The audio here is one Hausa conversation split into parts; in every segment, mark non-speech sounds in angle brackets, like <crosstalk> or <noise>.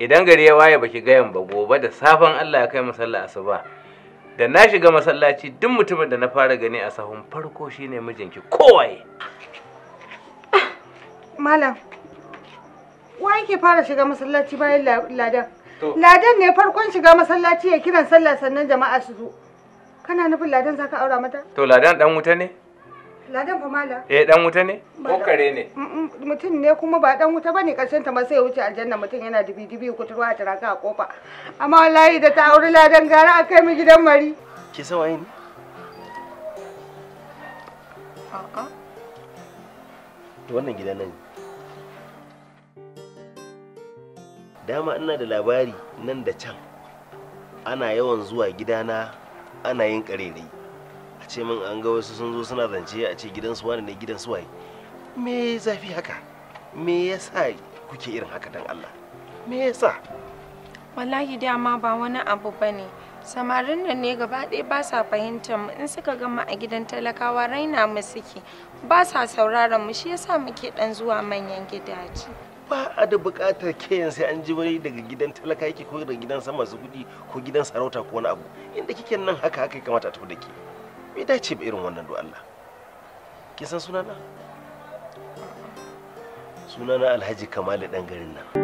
idan gari ya waye baki gayan ba gobe da safan Allah ya kai masalla asuba da na shiga masallaci duk mutumin da na fara gani a sahun farko shine mijinki kowaye malam wa yake fara shiga masallaci bayan ladan ladan ne farkon shiga masallaci ya kiran sallah sannan jama'a su zo kana nufin ladan zaka aura mata to ladan dan wuta ne Ladan fa mala. Eh dan wuta ne? Ko kare ne? Mutum ne kuma ba dan wuta bane karshen ta ma sai wuce aljanna mutum yana dibi dibi kuturwa a taraka a kofa. Amma wallahi da ta auri ladan gara a kai mu gidan mari. Ki sa waye ne? To wannan gidan nan Dama ina da labari nan da can ana yawan zuwa gidana ana yin ƙarerayi. ce min an ga wasu sun zo suna zance a ce gidan su wani ne gidan su waye me zafi haka me yasa kuke irin haka dan Allah me yasa wallahi dama ba wani abu bane samarin nan ne gaba ɗaya ba sa fahimtar mu in suka gama a gidan talakawa raina mu suke ba sa sauraron mu shi yasa muke dan zuwa manyan gidaje ba a da buƙatar yin sai an ji wani daga gidan talaka yake ko daga gidan sama su kuɗi ko gidan sarauta ko wani abu inda kike nan haka haka kamata a tafi da ke bai dace ba irin wannan don Allah kin san sunana sunana Alhaji Kamalu dan garin nan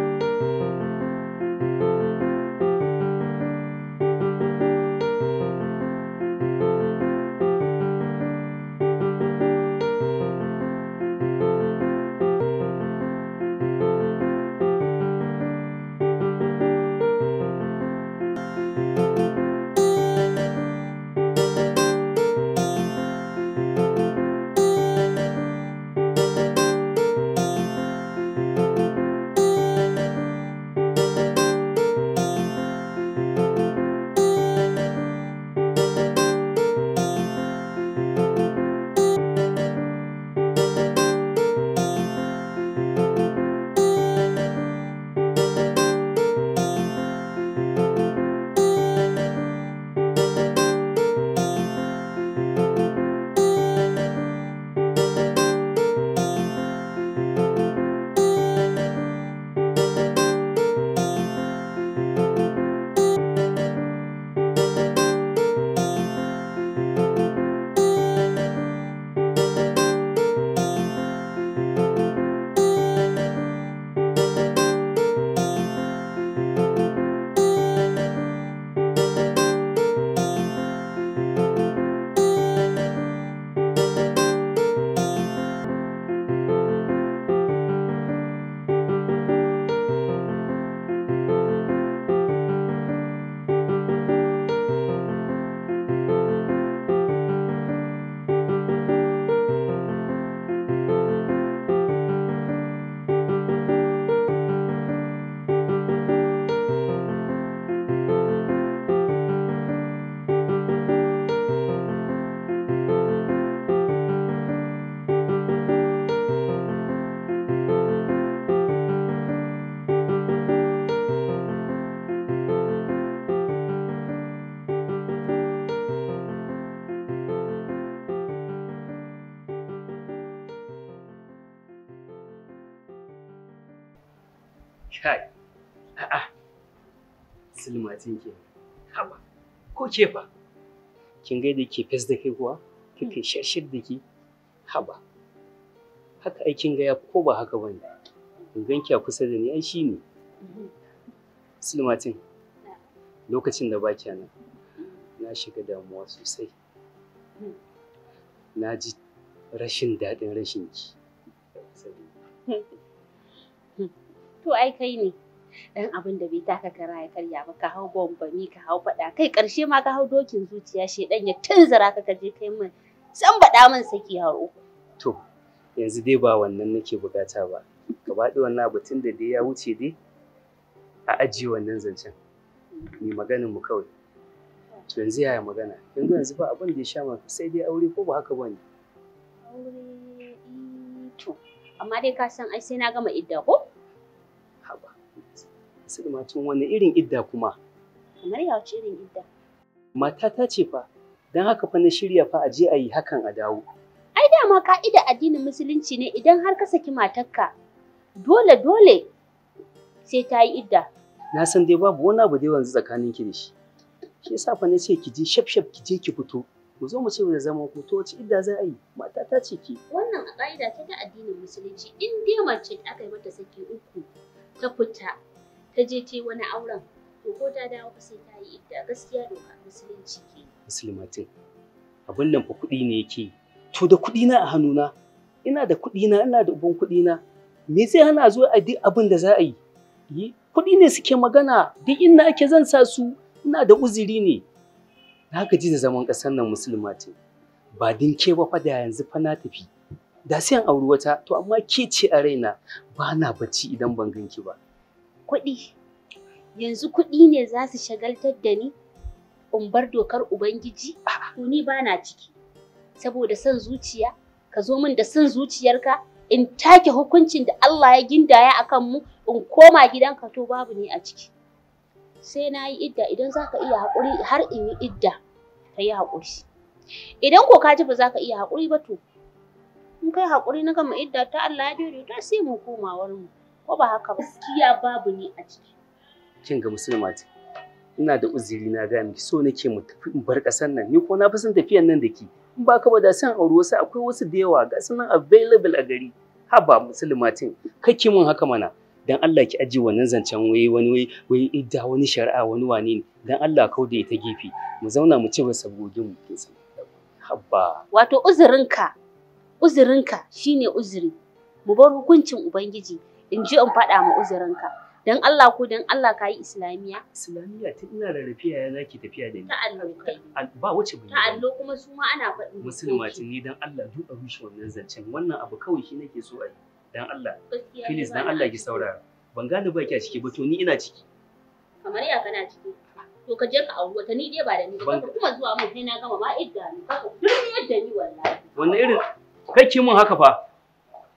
A'a, silmatin ke haba, ko ke fa? Kin gaida ke fes da kai kuwa? Kike shashir da ke? Haba, haka kin gaya ko ba haka ba ne. ganki a kusa da ni ai shi ne. Silmatin, lokacin da baki nan, na shiga damuwa sosai. Na ji rashin daɗin rashin ki. To ai kai ne. dan abin da bai taka kara ya karya ba ka hau bombami ka hau faɗa kai ƙarshe ma ka hau dokin zuciya shedan ya tunzura ka kaje kai mun san baɗa min saki har uku to yanzu dai ba wannan nake bukata ba gaba ɗaya wannan abu tun da dai ya wuce dai a ajiye wannan zancen ni maganin mu kawai to yanzu yaya magana yanzu yanzu ba abin da ya sha maka sai dai aure ko ba haka ba ne aure eh, to amma dai ka san ai sai na gama idda ko Sulmatun wani irin idda kuma? Kamar ya wace irin idda? Matata ce fa, don haka fa na shirya fa a je a yi hakan a dawo. Ai ma ka'ida addinin musulunci ne idan har ka saki matarka dole dole sai ta yi idda. Na san dai babu wani abu da yanzu tsakanin ki da shi. Shi yasa fa na ce ki je shaf shaf ki je ki fito. Ku zo mu ce da zaman ku to wace idda za a yi? Mata ta ce ki. Wannan a ka'ida ta ta addinin musulunci in dai mace aka yi mata saki uku ta fita ta je ta wani auren to ko ta dawo ba sai ta yi idda gaskiya doka musulunci ke musulmatin abin nan fa kuɗi ne yake to da kuɗi na a hannuna ina da kuɗi na ina da uban kuɗi na me zai hana zo a duk abin da za a yi kuɗi ne suke magana duk inda ake zan sa su ina da uziri ne na gaji da zaman ƙasar nan musulmatin ba din ke ba fa da yanzu fa na tafi da sai an auri wata to amma ke ce a raina ba na bacci idan ban ganki ba kuɗi yanzu kuɗi ne za su shagaltar da ni in bar dokar ubangiji to ni ba na ciki saboda son zuciya ka zo min da son zuciyarka in take hukuncin da Allah ya gindaya akan mu in koma gidanka to babu ni a ciki sai na yi idda idan za ka iya haƙuri har in yi idda ka yi haƙuri idan ko ka ji ba za ka iya haƙuri ba to in kai haƙuri na gama idda ta Allah ya daidaita sai mu koma wurin mu ko ba haka ba gaskiya babu ni a ciki kin ga musulma ce ina da uzuri na ga miki so nake mu tafi in bar kasar nan ni ko na fi son tafiyan nan da ki in ba ka ba da san aure wasu akwai wasu da yawa ga nan available a gari haba musulma tin kake mun haka mana dan Allah ki aji wannan zancen wai wani wai wai idda wani shari'a wani wane ne dan Allah kau da ita gefe mu zauna mu ci ba sabogin mu kin san haba wato uzurinka uzurinka shine uzuri mu bar hukuncin ubangiji in ji in faɗa ma uzurinka dan Allah ko dan Allah ka yi islamiya islamiya tun ina da rafiya ya zaki tafiya da ni ta'allo kai ba wace bane ta'allo kuma su ma ana faɗin musulma tun ni dan Allah duka rushe wannan zancen wannan abu kawai shi nake so a yi dan Allah please dan Allah ki saurara ban gane ba ki a ciki ba to ni ina ciki kamar ya kana ciki to ka je ka auri wata ni dai ba da ni ba kuma zuwa mun sai na gama ma idda ni kaka duk yadda ni wallahi wannan irin kai ki mun haka fa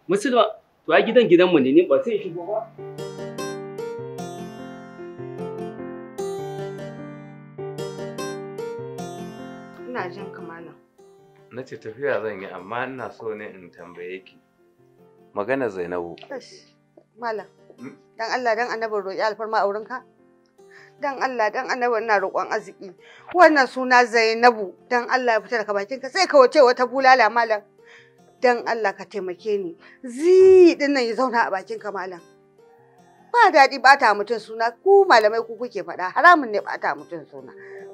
musulma to ai gidan gidanmu ne ba sai shigo ba ina jin kamala na ce tafiya zan yi amma ina so ne in tambaye ki magana zainabu malam hmm? dan Allah dan annabar roƙi alfarma a ka? dan Allah dan annabar ina roƙon arziki wannan suna zainabu dan Allah ya fita daga bakinka sai ka wace wata bulala malam dan Allah ka taimake ni zi din nan ya zauna a bakin kamalan ba daɗi bata mutum suna ku malamai ku kuke faɗa haramun ne bata mutum suna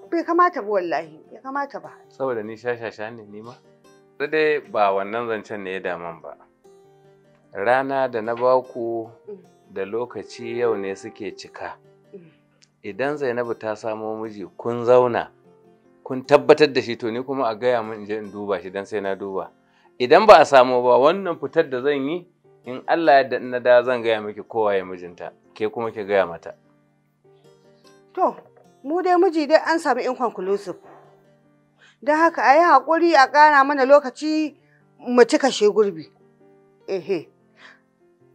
bai kamata ba wallahi bai kamata ba saboda ni shashasha ne ni ma dai ba wannan zancen ne ya daman ba rana da na ba ku mm. da lokaci yau ne suke cika mm. idan zainabu ta samo miji kun zauna kun tabbatar da shi to ni kuma a gaya min in je in duba shi dan sai na duba idan ba a samu ba wannan fitar da zan yi in Allah yadda na da zan gaya miki kowa ya mijinta ke kuma ki gaya mata to mu dai miji dai an samu inconclusive don haka a yi haƙuri a ƙara mana lokaci mu cika shi gurbi ehe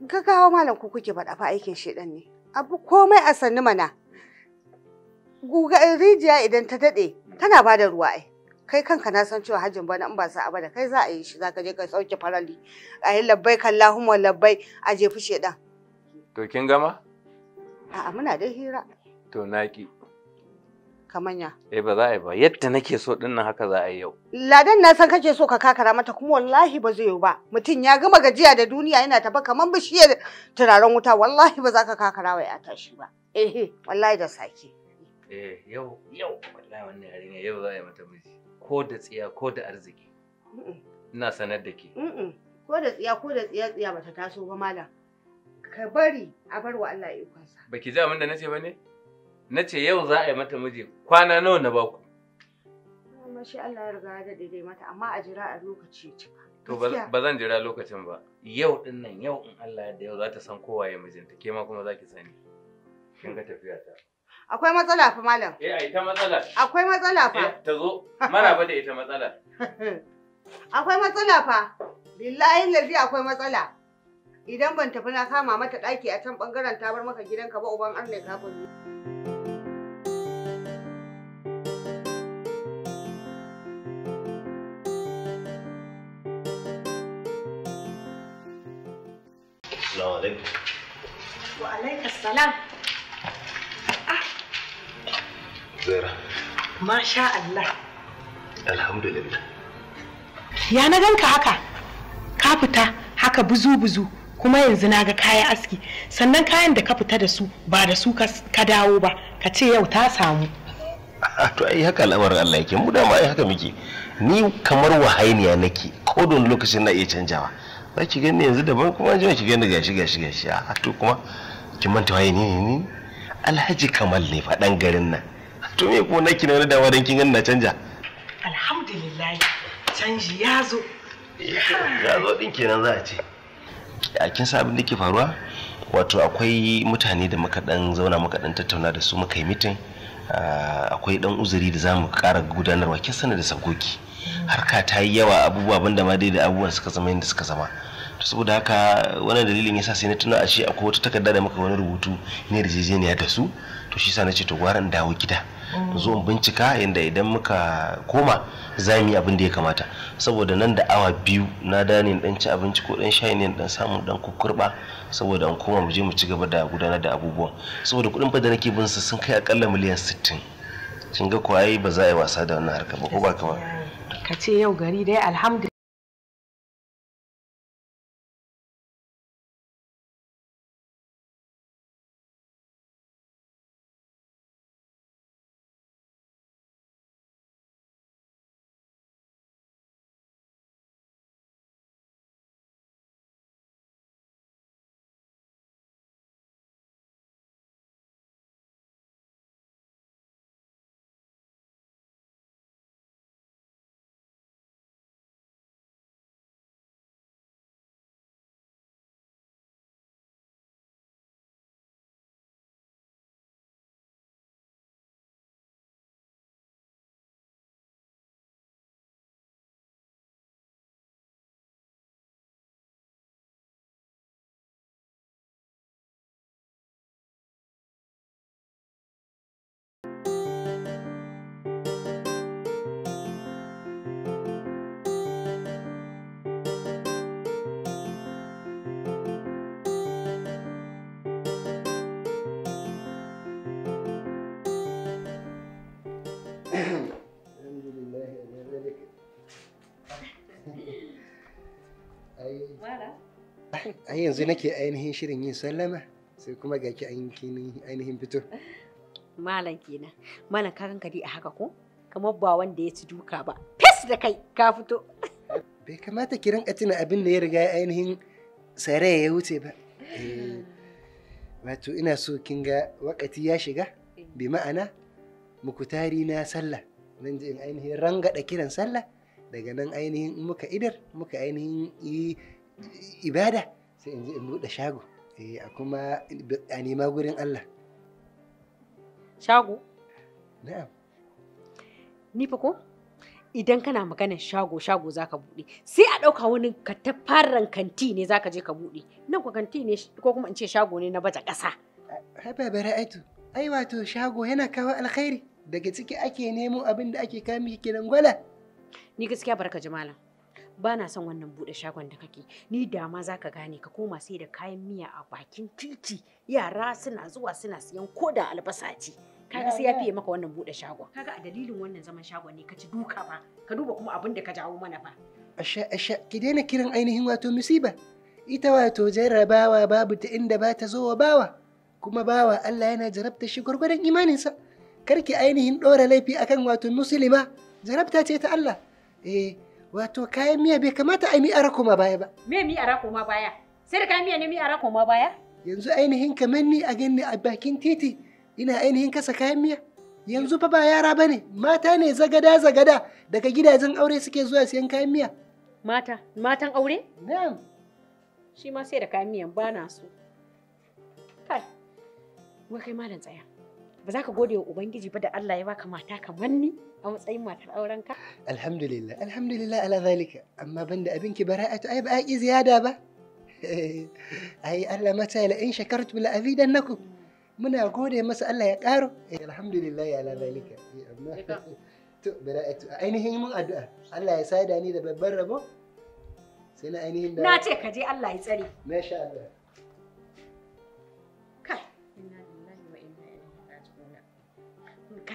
kawo malam ku kuke faɗa fa aikin shedan ne abu komai a sannu mana Guga rijiya idan ta daɗe tana ba da ruwa ai kai kanka na san cewa hajjin bana in ba sa'a ba da kai za a yi shi za ka je ka sauke farali a yi labbai kallahumma labbai a jefi shedan to kin gama a'a muna da hira to naki kamanya eh ba za a yi ba yadda nake so din nan haka za a yi yau ladan na san kake so ka kakara mata kuma wallahi ba zai yi ba mutum ya gama gajiya da duniya yana tafa kaman bishiyar turaren wuta wallahi ba za ka kakara wa ya tashi ba eh wallahi da sake eh yau yau wallahi wannan ne yau za a yi mata miji ko da tsiya ko da arziki ina sanar da ke ko da tsiya ko da tsiya tsiya bata taso ba malam ka bari a bar wa Allah ikonsa baki ji abin da nace ba ne nace yau za a yi mata miji kwana nawa na baku amma shi Allah ya riga ya dade dai mata amma a jira a lokaci cika to ba zan jira lokacin ba yau din nan yau in Allah ya da yau za ta san kowa ya mijinta ke ma kuma za ki sani kin ga tafiya ta Akwai matsala fa malam. Eh, a ita matsala. Akwai matsala fa. Eh, ta zo, mana ba da ita matsala. <laughs> Akwai matsala fa. Billahi lazi akwai matsala. Idan ban tafi na kama mata ɗaki a can ɓangaren ta bar maka gidanka ba uban arne kafin. Assalamu alaikum. Wa alaikum salam. Masha Allah. Alhamdulillah. Ya na ganka haka? Ka fita haka buzu-buzu kuma yanzu na ga kaya aski sannan kayan da ka fita da su ba da su ka dawo ba ka ce yau ta samu. Ah, to ai haka al'amarin Allah yake mu da ma ai haka muke ni kamar wahainiya nake ko don lokacin na iya canjawa ba ki gani yanzu daban kuma jiya ki gani gashi gashi gashi a ah, to kuma ki manta waye ni ne ni alhaji kamal ne faɗan garin nan to me ko na kina da wadan kin na canja alhamdulillah canji ya zo ya zo din kenan za a ce a kin sa abin da ke faruwa wato akwai mutane da muka dan zauna muka dan tattauna da su muka yi mitin ah, akwai dan uzuri da zamu ƙara gudanarwa kin sanar da sakoki, harka ta yi yawa abubuwa banda ma dai da abubuwan suka zama yadda suka zama saboda haka wannan dalilin yasa sai na tuna a shi akwai wata takarda da muka wani rubutu ne da jejeniya da su to shi sa na ce to gwaran dawo gida zo in bincika yadda idan muka koma za mu yi abin da ya kamata saboda nan da awa biyu na dane dan ci abinci ko dan shayi ne dan samu dan kukurba saboda an koma mu je mu ci gaba da gudanar da abubuwan saboda kuɗin fa da nake bin su sun kai akalla miliyan sittin kin ga ko ba za a yi wasa da wannan harka ba ko ba kawai ka ce yau gari dai alhamdulillah a yanzu nake ainihin shirin yin sallama sai kuma ga ki ainihin fito malam kenan malam ka kanka a haka ko kamar ba wanda ya ci duka ba fes da kai ka fito bai kamata ki rinka tuna abin da ya riga ainihin sare ya wuce ba eh, wato ina so kin ga wakati ya shiga bi ma'ana mukutari na sallah nan in ainihin rangada kiran sallah daga nan ainihin muka idar muka ainihin yi ibada sai in je in buɗe shago eh, a kuma a nema gurin Allah shago na'am ni fa ko idan kana maganar shago shago zaka buɗe sai a ɗauka wani katafaran kanti ne zaka je ka buɗe nan ko kanti ne ko kuma in ce shago ne na baje ƙasa haba bara aitu ai wato shago yana kawo alkhairi daga ciki ake nemo abin da ake kawo miki kiran gwala ni gaskiya barka jama'a bana son wannan buɗe shagon da kake ni da ma za gane ka koma sai da kayan miya a bakin titi yara suna zuwa suna siyan ko da albasa ce kaga sai ya fiye maka wannan buɗe shagon kaga a dalilin wannan zaman shagon ne ka ci duka ba ka duba kuma abin da ka jawo mana ba asha asha ki daina kiran ainihin wato musiba ita wato jarrabawa babu ta inda ba ta zo wa bawa kuma bawa Allah yana jarabta shi gwargwadon imaninsa karki ainihin ɗora laifi akan wato musulma jarabta ce ta Allah eh Wato kayan miya bai kamata a yi mi'ara koma baya ba. Me mi'ara koma baya? Sai da kayan miya ne mi'ara koma baya? Yanzu ainihin kamar ni a gani a bakin titi ina ainihin kasa kayan miya. Yanzu fa ba yara ba ne, mata ne zagada-zagada daga gidajen aure suke zuwa siyan kayan miya. Mata, matan aure? Na'am. Shi ma sai da kayan miyan ba na so. Kai, wai kai malam tsaya. ba za ka gode wa ubangiji ba da Allah ya baka mata kamar ni a matsayin matar auren ka alhamdulillah alhamdulillah ala zalika amma banda abinki bara'atu ai ba ki ziyada ba <laughs> ai Allah mata ila in shakartu la azidannakum muna gode masa Allah ya karo eh, alhamdulillah ala zalika eh, <laughs> to bara'atu ainihin mun addu'a Allah ya sada ni da babban rabo sai na ainihin da na ce ka je Allah ya tsare masha Allah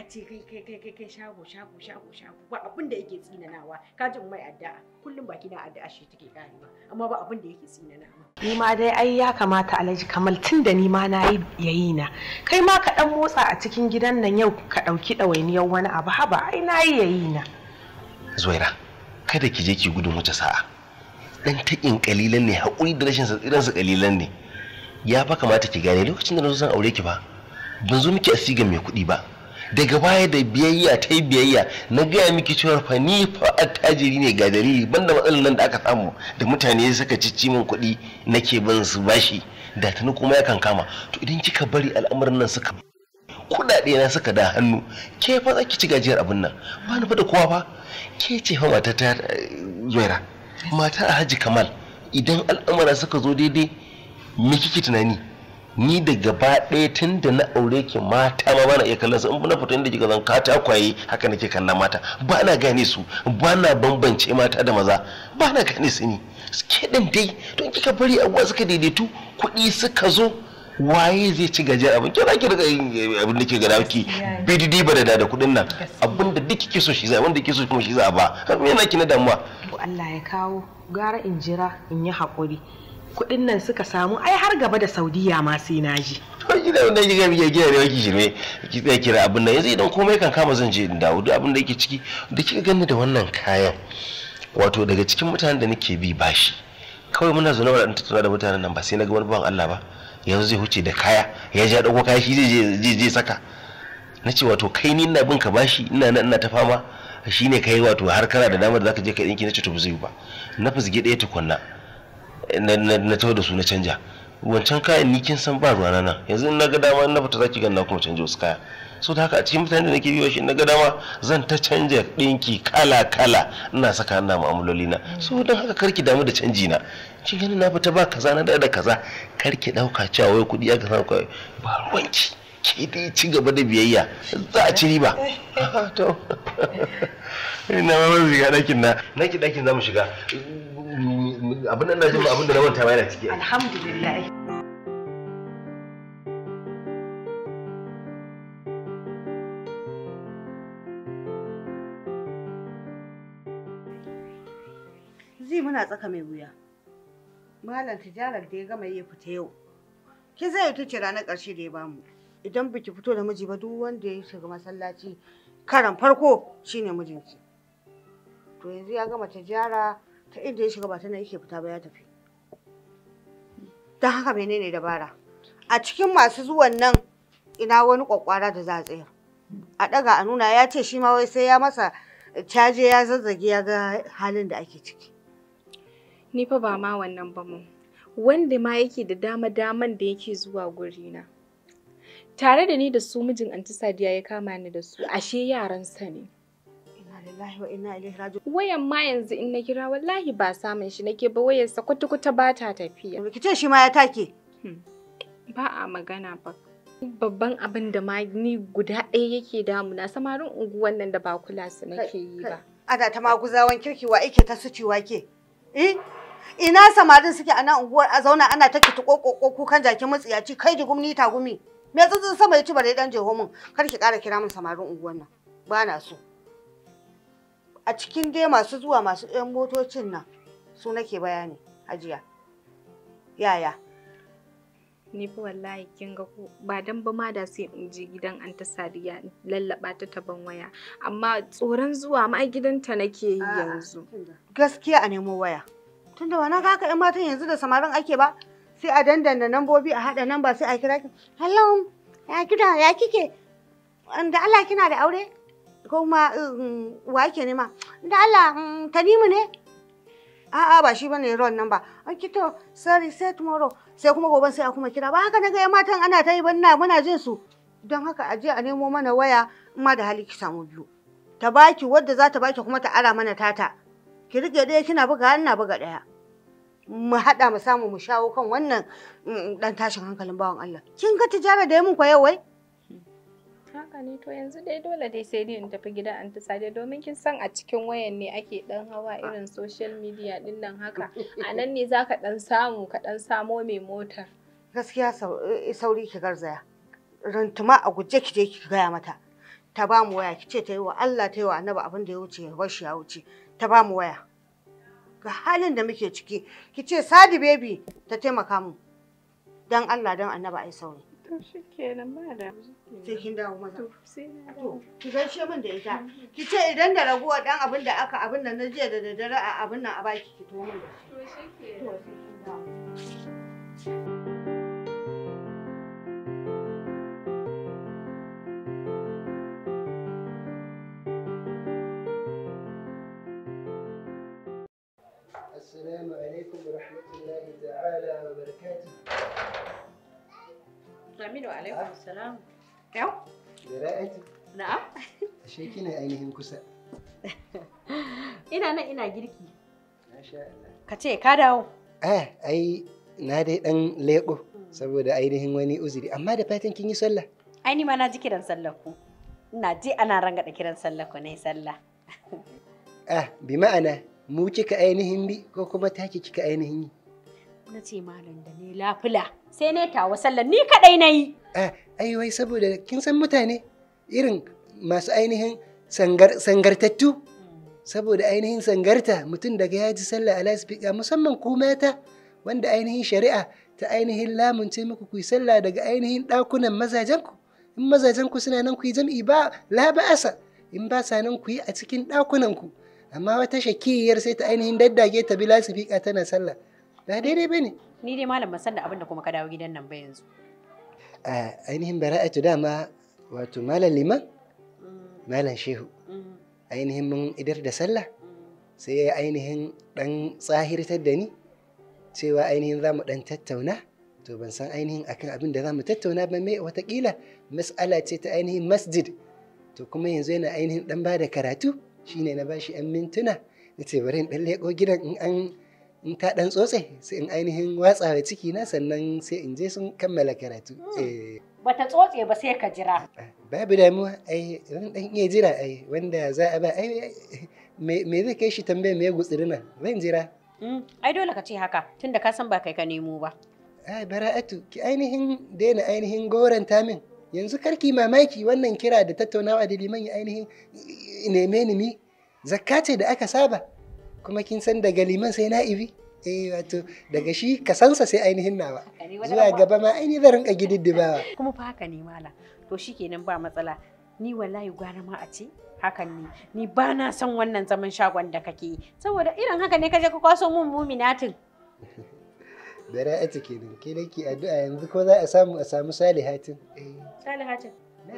ce kai kai kai kai kai shago shago shago shago ba abin da yake tsinanawa ka ji mai addu'a kullum baki na addu'a shi take karewa amma ba abin da yake tsinanawa ni ma dai ai ya kamata Alhaji Kamal tun da ni ma na yi yayi na kai ma ka dan motsa a cikin gidan nan yau ka dauki dawainiyar wani abu haba ai na yi yayi na Zuwaira kada ki je ki gudun wata sa'a dan takin kalilan ne hakuri da rashin sa su kalilan ne ya fa kamata ki gane lokacin da na zo zan aure ki ba ban zo miki asigar mai kuɗi ba daga baya da biyayya ta yi biyayya na gaya miki cewa fa ni fa attajiri ne ga dalili banda matsalar nan da aka samu da mutane suka ci min kuɗi nake bin su bashi da tuni kuma ya kan kama to idan kika bari al'amarin nan suka kuɗaɗe na suka da hannu ke fa za ki ci gajiyar abin nan ba ni fa da kowa fa ke ce fa mata ta eh, zuwaira mata a haji kamal idan al'amura suka zo daidai me kike tunani ni da gaba ɗaya tun da na aure ki mata ma bana iya kallon su in na fito inda kika zan ta kwaye haka nake kallon mata ba na gane su ba na bambance mata da maza ba na gane su ni suke ɗin dai don kika bari abuwa suka daidaitu kuɗi suka zo waye zai ci gajiyar abin kira ki daga eh, abin da ke gada ki bididi ba da da kuɗin nan abin da duk kike so shi za abin da kike so kuma shi za a ba me yana ki na damuwa Allah ya kawo gara in jira in yi haƙuri kuɗin nan suka samu ai har gaba da saudiya ma sai na ji to gida wanda ya gina ya gina rewa ki tsaya kira abin nan yanzu idan komai kan kama zan je in dawo duk abin da yake ciki da kika gani da wannan kayan wato daga cikin mutanen da nake bi bashi kawai muna zaune ba da tattauna da mutanen nan ba sai na ga wani bawan Allah ba yanzu zai huce da kaya ya ja dauko kaya shi zai je saka na ce wato kai ni ina bin ka bashi ina nan ina ta fama shine kai wato har kana da damar da zaka je ka dinki na ce to ba ba na fizge ɗaya tukunna na tawar da su na canja wancan kayan ni kin san ba na nan yanzu na ga dama na fita zaki ganna kuma canja wasu kaya so da haka a cikin mutane da nake biyo shi na ga dama zan ta canja ɗinki kala kala ina saka ina mu'amaloli na so don haka karki damu da canji na shi ganin na fita ba kaza na da kaza karki dauka cewa wai kuɗi aka san kawai ba ruwanki ke dai ci gaba da biyayya za a ci riba <laughs> to <laughs> ina ma zai ɗakin na naki ɗakin za shiga abin da na jin abin da na manta yana ciki alhamdulillah zai muna tsaka mai wuya malam tijarar da ya gama yi fita yau ki zai ta ce ranar karshe da ya bamu idan biki fito da miji ba duk wanda ya shiga masallaci karan farko shine mijinki to yanzu ya gama tijara ta inda ya shiga ba tana yake fita ba ya tafi don haka menene dabara a cikin masu zuwan nan ina wani kwakwara da za a tsayar a daga a nuna ya ce shi ma wai sai ya masa caje ya zazzage ya ga halin da ake ciki ni fa ba ma wannan ba mu wanda ma yake da dama daman da yake zuwa gurina tare da ni da su mijin anti sadiya ya kama ni da su ashe yaran sa ne lillahi wa inna ilaihi raji'un. Wayan ma yanzu in na kira wallahi ba samun shi nake ba wayar sa kwata-kwata ba ta tafiya. Ki ce shi ma ya take. Hmm. Ba a magana ba. Babban abin da ma ni guda ɗaya yake damuna samarin unguwan nan da ba kula su nake yi ba. Ana ta maguzawan wa ike ta suciwa ke. Eh? Ina samarin suke ana unguwar a zauna ana ta kokoko kukan jakin matsiyaci kai da gumni ta gumi. Me tsutsun sama ya ci bare dan jeho min kar ki kara kira mun samarin unguwan nan. Ba na so. a cikin dai masu zuwa masu ɗan motocin nan su nake bayani hajiya yaya ni fa wallahi kin ga ko ba dan ba ma da sai in je gidan anta sadiya lallaba ta taban waya amma tsoron zuwa ma gidanta nake yi yanzu gaskiya a nemo waya tunda wa na ga ka matan yanzu da samarin ake ba sai a dandanda nambobi a haɗa ba sai a kira ki hello ya kida ya kike da Allah kina da aure kuma um, wa yake nema da Allah um, tanimu ne a'a ba shi bane ron nan ba An to sorry sai tomorrow sai kuma gobe sai a kuma kira ba haka naga matan ana ta yi banna muna jin su don haka a je a nemo mana waya in ma da hali ki samu biyu ta baki wadda za ta baki kuma ta ara mana tata ki rike ɗaya kina buga ina buga ɗaya mu haɗa mu samu mu shawo kan wannan um, ɗan tashin hankalin bawan Allah kin ga tijara da yi mun kwa yau wai haka ne to yanzu dai dole dai sai dai in tafi gida an ta sadiya domin kin san a cikin wayan ne ake dan hawa irin social media din nan haka a nan ne zaka dan samu ka dan samo mai motar gaskiya eh, sauri ki garzaya rantuma a guje ki je ki gaya mata ta ba mu waya ki ce ta yi wa Allah ta yi wa Annabi abin da ya wuce ya bar ya wuce ta ba mu waya ga halin da muke ciki ki ce Sadi baby ta taimaka mu dan Allah dan Annabi ai sauri To Ki gaishe min da ita. kice idan da raguwa dan abin da aka abin nan na jiya da daddare a abin a baki ki to min Jamilu alaikum salam. Yau? Dare aiki. Na'am. Ashe eh, kina ainihin kusa. <laughs> Ina nan ina girki. Masha Allah. Ka ce ka dawo. Eh, ai na dai dan leko hmm. saboda ainihin wani uzuri amma da fatan kin yi sallah. Ai ni ma na ji kiran sallah ku. Ina je ana da kiran sallah ku ne sallah. Ah, bi ma'ana mu kika ainihin bi ko kuma take kika ainihin yi. na ce malam da ne lafula sai ne tawa sallan ni kadai na yi. ai wai saboda kin san mutane irin masu ainihin sangartattu saboda ainihin sangarta mutum daga yaji ji sallah ala speaker musamman ku mata wanda ainihin shari'a ta ainihin lamunce muku ku yi sallah daga ainihin ɗakunan mazajenku in mazajenku suna nan ku yi jam'i ba la asa in ba sa nan ku yi a cikin ɗakunanku amma wata shakiyar sai ta ainihin daddage ta bi lasifika tana sallah ba daidai ba ni dai malam ban san da abin da kuma ka dawo gidan nan ba yanzu eh ainihin bara'atu dama wato malam liman mm. malam shehu mm. ainihin mun idar da sallah mm. sai ainihin dan tsahirtar da ni cewa ainihin za mu dan tattauna to ban san ainihin akan abin da za mu tattauna ba mai watakila mas'ala ce ta ainihin masjid to kuma yanzu yana ainihin dan ba da karatu shine na bashi yan mintuna na ce bari in dan leko gidan in an in ta dan tsotse sai in ainihin watsawa ciki na sannan sai in je sun kammala karatu hmm. eh. bata tsotse ba sai ka jira ah, babu damuwa ai wani dan iya jira ai wanda za a ba ai me zai kai shi tambaye me gutsiri nan zan jira hmm. ai dole ka ce haka tunda ka san ba kai ka nemo ba ai ah, bara'atu ki ainihin daina ainihin ta min yanzu karki mamaki wannan kira da tattaunawa da liman ya ainihin neme ni zakka ce da aka saba kuma kin san daga liman sai na'ibi eh wato daga shi kasansa sai ainihin nawa zuwa gaba ma ainihin zan rinka gididdibawa kuma fa haka ne mala to shikenan ba matsala ni wallahi gwara ma a ce hakan ne ni ba na son wannan zaman shagon da kake yi saboda irin haka ne kaje ka kwaso mun muminatin da ra'ata kenan ke nake addu'a yanzu ko za a samu a samu salihatin eh. salihatin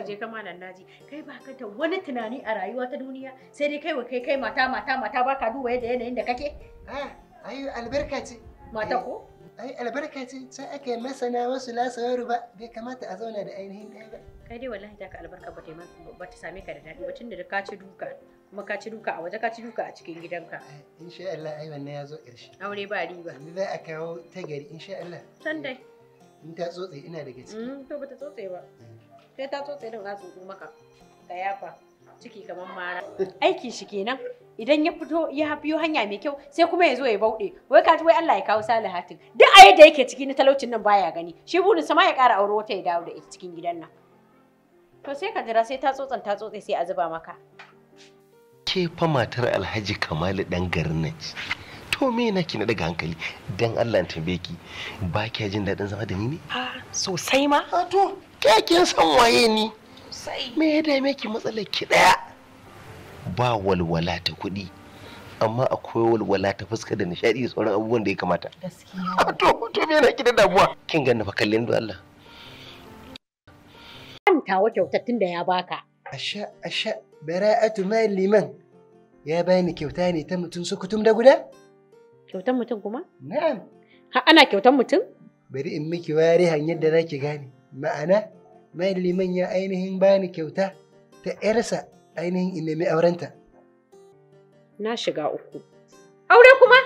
je kama nan naji kai ba ka ta wani tunani a rayuwa ta duniya sai dai kai wa kai kai mata mata mata ba ka duba yadda yanayin da kake eh, ai albarka ce mata eh, ko ai albarka ce sai ake masana wasu lasawaru ba bai kamata a zauna da ainihin ɗaya ba kai dai wallahi ka albarka ba ta ba ta same ka da daɗi ba tunda da ka ci duka kuma ka ci duka a waje ka ci duka a cikin gidanka eh, insha Allah ai wannan ya zo ƙarshe aure ba riba za a kawo ta gari insha Allah san dai in ta tsotse ina daga ciki mm, to ba ta tsotse ba sai ta tsotse irin za su maka ka yafa ciki kamar mara aiki shi kenan idan ya fito ya biyo hanya mai kyau sai kuma ya zo ya bauɗe wai ka wai Allah ya kawo salihatin duk a yadda yake ciki na talaucin nan baya gani shi burin sama ya ƙara aure wata ya dawo da ita cikin gidan nan to sai ka jira sai ta tsotsan ta tsotse sai a zuba maka ke fa matar Alhaji Kamalu dan garin nan to me na ki na daga hankali dan Allah ta ki ba kya jin daɗin zama da ni ne a sosai ma to ke kin san waye ni me ya dame ki matsalar ki daya ba walwala ta kuɗi amma akwai walwala ta fuska da nishadi da sauran abubuwan da ya kamata gaskiya <laughs> to to me yana kida damuwa kin ganna fa kallin da Allah kantawa kyautar tun da ya baka asha asha bara'atu mai liman ya bani kyauta ne ta mutum sukutum da guda Kyautan mutum kuma na'am ha ana kyautan mutum bari in miki ware hanyar da zaki gane ma'ana mai liman ya ainihin bani kyauta ta 'yarsa ainihin in nemi aurenta. Na shiga uku. Aure kuma?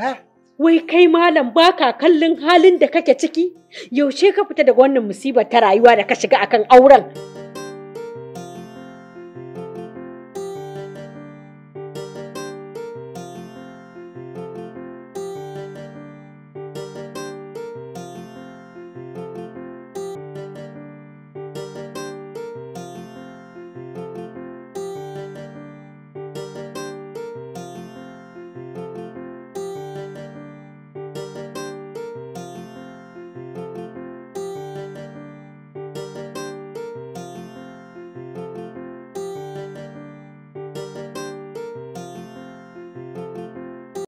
Ha? Wai kai malam baka kallon halin da kake ciki? Yaushe ka fita daga wannan musibar ta rayuwa da ka shiga akan auren?